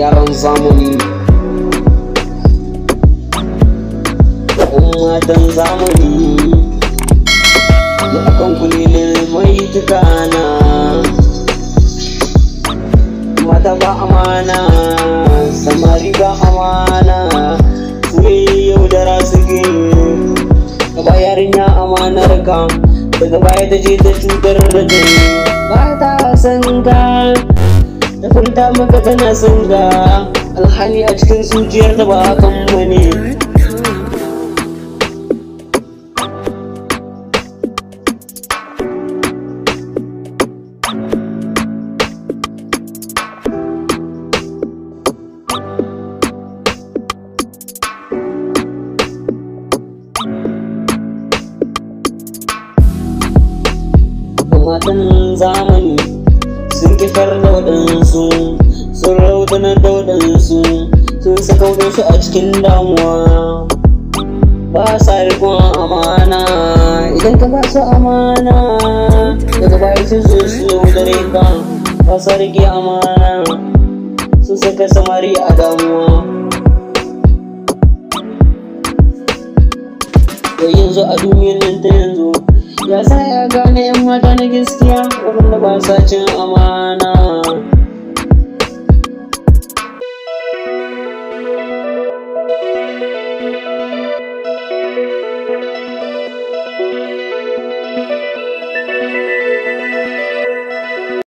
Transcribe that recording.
yaran zamani matan zamani da akan ne mai tukana mata ba amana samari ba amana sai yaudara suke ka ba yarinya amanar ka daga baya ta je ta cutar da kai kwatanta maka kana son ga alhali a cikin zuciyar da ba hakan ba ne matan zamani na da waɗansu sun raudana daudan su sun saka su a cikin damuwa ba sa rikon amana idan ka ba su amana daga bayan sun zo su yaudare ka ba sa rike amana sun saka samari a damuwa da yanzu a duniyar nan ta yanzu ya sa ya gane yan mata na gaskiya da ba sa cin amana